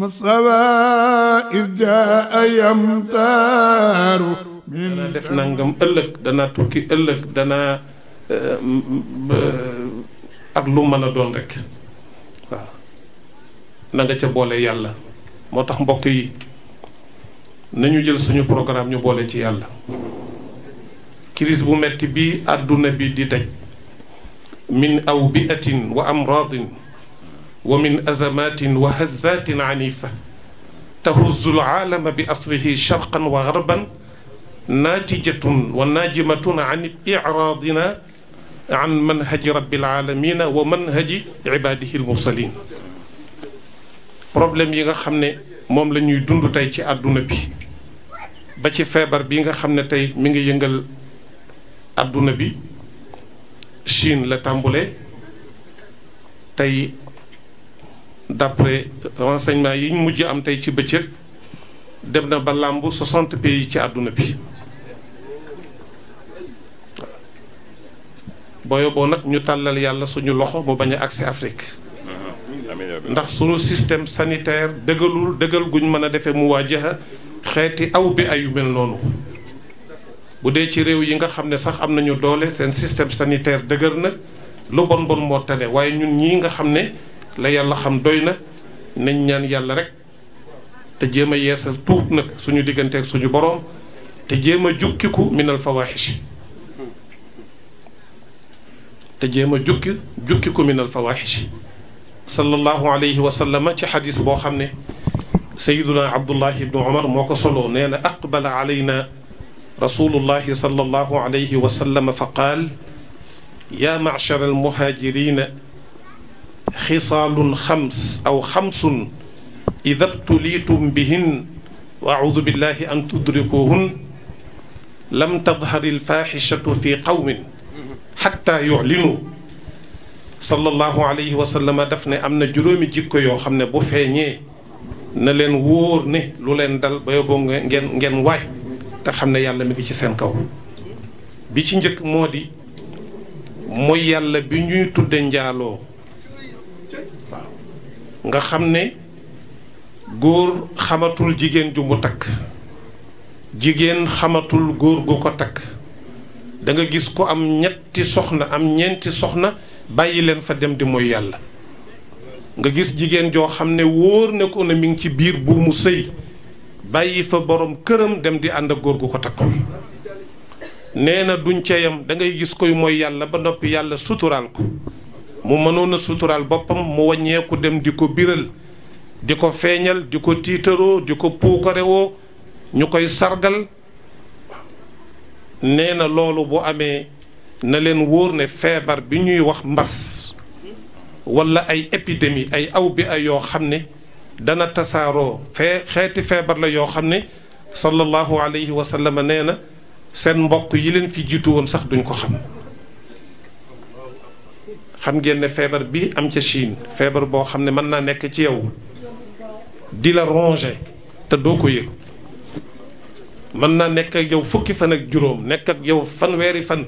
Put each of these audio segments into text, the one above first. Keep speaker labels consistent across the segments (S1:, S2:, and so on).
S1: masawa is jaa yamtaaru dana def nangam ëllëg dana tukki ëllëg dana ak lu mën a doon rek waaw na ca boole yàlla moo tax mbokk yi nañu jël suñu programme ñu boole ci yàlla crise bu metti bi àdduna bi di daj min aw bi atin wa amradin wa min azamatin wa hazatin anifa tahuzu laalama bi asrihi sharqan wa garban naatijatun wa naajimatun an iraadina an manhaji rabbil alamina wa manhaji ibadihi almursalin problème yi nga xam ne moom la ñuy dund tey ci àdduna bi ba ci feebar bi nga xam ne tey mi ngi yëngal àdduna bi Chine la tàmbule tey d'après renseignement yi mujj am tey ci bëccëg dem na ba làmb 60 pays ci àdduna bi booyo boo nag ñu tàllal yàlla suñu loxo mu bañ a agsi Afrique ndax suñu système sanitaire dëggalul dëggal guñ mën a defee mu waajaxa xeeti aw bi ay yu mel noonu bu dee ci réew yi nga xam ne sax am nañu doole seen système sanitaire dëgër na lu bon bon moo waaye ñun ñii nga xam ne la yàlla xam doy na nañ ñaan yàlla rek te jéem a yeesal tuub nag suñu digganteeg suñu boroom te jéem a jukkiku minal fawaaxishi te jéem a jukki jukkiku minal fawaaxishi sallallahu alayhi wa sallama ci xadis boo xam ne sayiduna abdullahi ibnu omar moo ko soloo nee na aqbala alayna rasulullahi sallallahu alayhi wa sallama fa qaal yaa machara almuhaajirina xisaalun xams aw xamsun ida btuliitum bihin wa audu billahi an tudrikuhun lam tadhar alfaxishatu fi qawmin xatta yuclinu sallallahu alayhi wa sallam daf ne am na juróomi jikko yoo xam ne bu feeñee na leen wóor ne lu leen dal ba yóbboo ngeen ngeen waaj te xam ne yàlla mi ngi ci seen kaw bi ci njëkk moo di mooy yàlla bi ñuy tudde njaaloo nga xam ne góor xamatul jigéen ju mu takk jigéen xamatul góor gu ko takk danga gis ko am ñetti soxna am ñeenti soxna bàyyi leen fa dem di mooy yàlla nga gis jigéen joo xam ne wóor ne ko ne mi ngi ci biir bu mu sëy bàyyi fa boroom këram dem di ànd ak góor gu ko takkul nee na duñ ca yam da gis koy mooy yàlla ba noppi yàlla suturaal ko mu mënoona a suturaal boppam mu wàññeeku dem di ko biral di ko feeñal di ko tiitaroo di ko puukarewoo ñu koy sargal nee na loolu bu amee na leen wóor ne feebar bi ñuy wax mbas walla ay épidémie ay aw bi ay yoo xam ne dana tasaaroo fee xeeti feebar la yoo xam ne sallallahu alayhi wa sallam nee na seen mbokk yi leen fi jiitu woon sax duñ ko xam xam ngeen ne feebar bi am ca Chine feebar boo xam ne mën naa nekk ci yow di la ronger te doo ko yëg mën naa nekk ak yow fukki fan ak juróom nekk ak yow fanweeri fan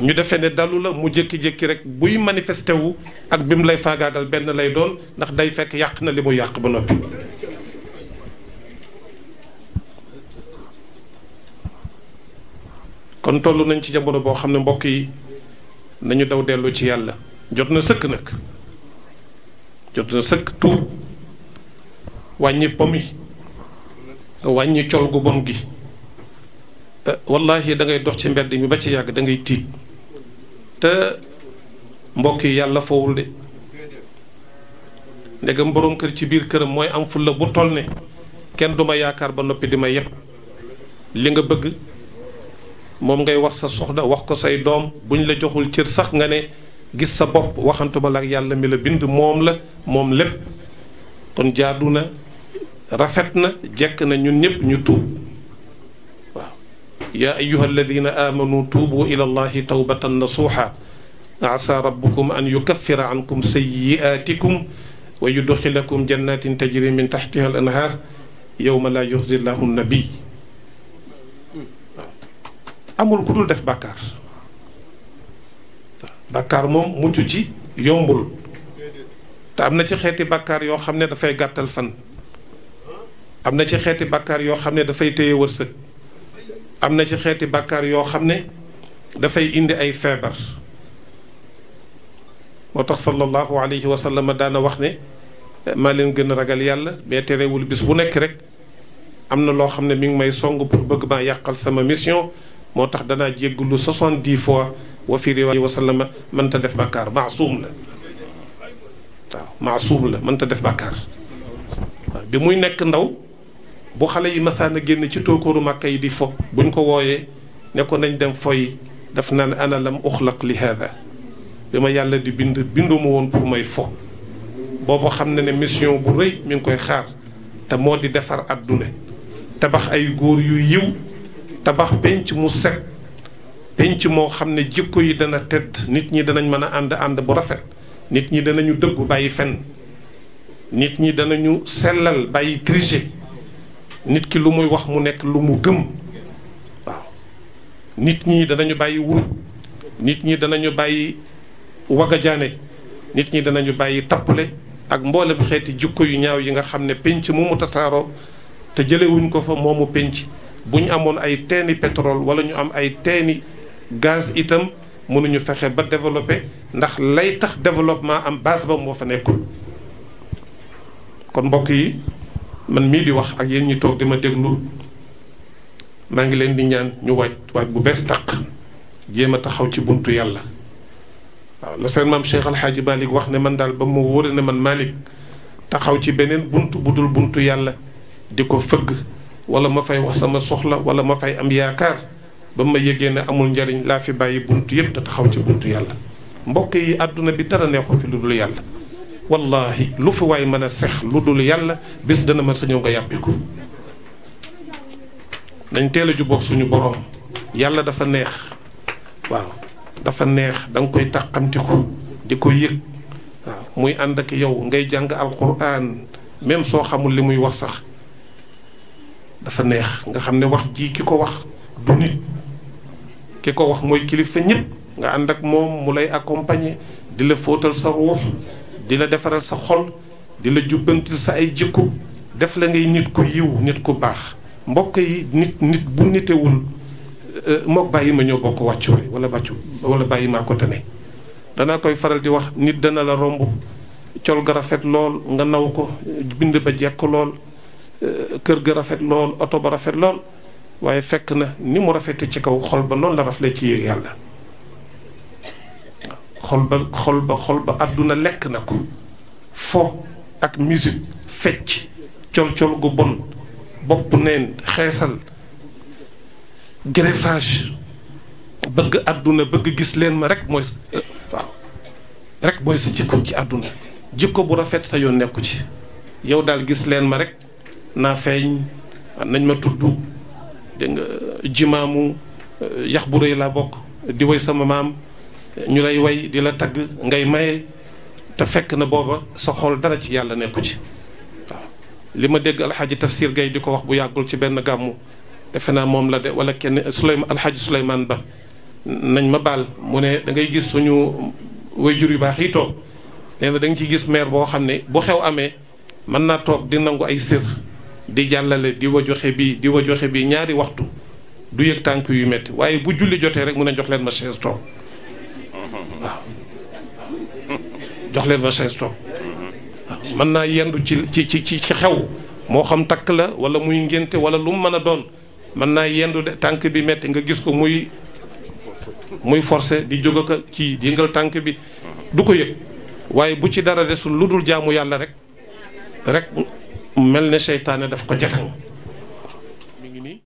S1: ñu defee ne dalu la mu jékki-jékki rek buy manifesté wu ak bi mu lay faagaagal benn lay doon ndax day fekk yàq na li mu yàq ba noppi. kon toll nañ ci jamono boo xam ne mbokk yi. nañu daw dellu ci yàlla jot na sëkk nag jot na sëkk tuub wàññi pom yi wàññi col gu bon gi eh, wallahi da ngay dox ci mbedd mi ba ci yàgg da ngay tiit te mbokk yi yàlla fowul de ndegam boroom kër ci biir këram mooy am fulla bu toll ne kenn du ma yaakaar ba noppi di ma yépp li nga bëgg moom ngay wax sa soxna wax ko say doom buñ la joxul cër sax nga ne gis sa bopp waxantuma la yàlla mi la bind moom la moom lépp kon jaadu na rafet na jekk na ñun ñëpp ñu tuub ya yaa ayuha alladina amanu tuubu ila allahi tawbatan nasuuxa asa rabbukum an yukaffira ankum sayiaatikum wa yudxilakum jannatin tajri min taxtiha al anhaar yowma laa yuxzi llahu nabi amul ku dul def bàkkaar bàkkaar moom mucc ci yombul te am na ci xeeti bàkkaar yoo xam ne dafay gàttal fan am na ci xeeti bàkkaar yoo xam ne dafay téye wërsëg am na ci xeeti bàkkaar yoo xam ne dafay indi ay feebar moo tax sallallahu alayhi wa sallam daana wax ne maa leen gën a ragal yàlla mais terewul bis bu nekk rek am na loo xam ne mi ngi may song pour bëgg maa yàqal sama mission moo tax danaa lu soixante di fois wa fi riwaay wa sallama mënta def bàkkaar maasuum la waaw maasuum la mënta def bàkkaar waaw bi muy nekk ndaw bu xale yi masaan a génn ci tookooru màkka yi di fo buñ ko wooyee ne ko nañ dem foy daf naan ana lam uxlaq li hada bi ma yàlla di bind binduma woon pour may fo boobu xam na ne mission bu rëy mi ngi koy xaar te moo di defar àdduna tabax ay góor yu yiw tabax penc mu set penc moo xam ne jikko yi dana tedd nit ñi danañ mën a ànd ànd bu rafet nit ñi danañu dëggu bàyyi fen nit ñi danañu sellal bàyyi tricher nit ki lu muy wax mu nekk lu mu gëm waaw nit ñi danañu bàyyi wuruj nit ñi danañu bàyyi wagajaane nit ñi danañu bàyyi tappale ak mboolem xeeti jikko yu ñaaw yi nga xam ne penc mu mu tasaaroo te jëlewuñ ko fa moomu penc bu ñu amoon ay teeni pétrole wala ñu am ay teeni gaz itam mënuñu fexe ba développer ndax lay tax développement am base ba moo fa nekkul. kon mbokk yi man mii di wax ak yéen ñi toog di ma déglu maa ngi leen di ñaan ñu waaj waaj bu bees taq jéem a taxaw ci bunt yàlla. waaw la seen maam Cheikh Al Hadj wax ne man daal ba mu wóore ne man Malick taxaw ci beneen bunt bu dul buntu yàlla di ko fëgg. wala ma fay wax sama soxla wala ma fay am yaakaar ba ma yëgee ne amul njariñ laa fi bàyyi bunt yëpp te taxaw ci buntu yàlla mbokk yi àdduna bi dara neexu fi lu dul yàlla wallahi lu fi waay mën a sex lu dul yàlla bés dana ma sa ñëw nga yàbbi ko nañ teel a jubóog suñu boroom yàlla dafa neex waaw dafa neex da nga koy tàqamtiku di ko yëg waaw muy ànd ak yow ngay jàng alquran même soo xamul li muy wax sax dafa neex nga xam ne wax ji ki ko wax du nit ki ko wax mooy kilifa ñëpp nga ànd ak moom mu lay accompagner di la fóotal sa ruux di la defaral sa xol di la jubbantil sa ay jikko def la ngay nit ku yiw nit ko baax mbokk yi nit nit bu nitewul euh, mook bàyyi ma ñoo bokk wàccuwaay wala bàccu wala bàyyi ma ko tane danaa koy faral di wax nit dana la romb col ga rafet lool nga naw ko bind ba jekk lool kër ga rafet lool oto ba rafet lool waaye fekk na ni mu rafete ci kaw xol ba noonu la rafle ci yéeg yàlla xol ba xol ba xol ba àdduna lekk na ko fo ak musique fecc col-col gu bon bopp neen xeesal greffage bëgg àdduna bëgg gis leen ma rek mooy waaw rek mooy sa jikko ci àdduna jikko bu rafet sa yoon nekku ci yow daal gis leen ma rek naa feeñ nañ ma tudd dégg nga jimaamu eh, yax bu rëy laa bokk di way sama maam ñu lay way di la tagg ngay maye te fekk na booba sa xool dara ci yàlla nekku ci waaw li ma dégg alxaaji tafsir gay di ko wax bu yàggul ci benn gàmmu defe naa moom la de wala kenn Souleymane alxaaji Souleymane ba nañ ma baal mu ne da ngay gis suñu jur yu baax yi toog nee na da nga ciy gis maire boo xam ne bu xew amee mën naa toog di nangu ay sër di jàllale diwa joxe bi diwa joxe bi ñaari waxtu du yëg tànk yu metti waaye bu julli jotee rek mun a jox leen ma chaise toog waaw jox leen ma mën naa yendu ci ci ci ci xew moo xam takk la wala muy ngénte wala lu mu mën a doon mën naa yendu de tànk bi metti nga gis ko muy muy forcé di jóg ak ci yëngal tànk bi du ko yëg waaye bu ci dara desul lu dul jaamu yàlla rek rek mel ne seytaane daf ko jatan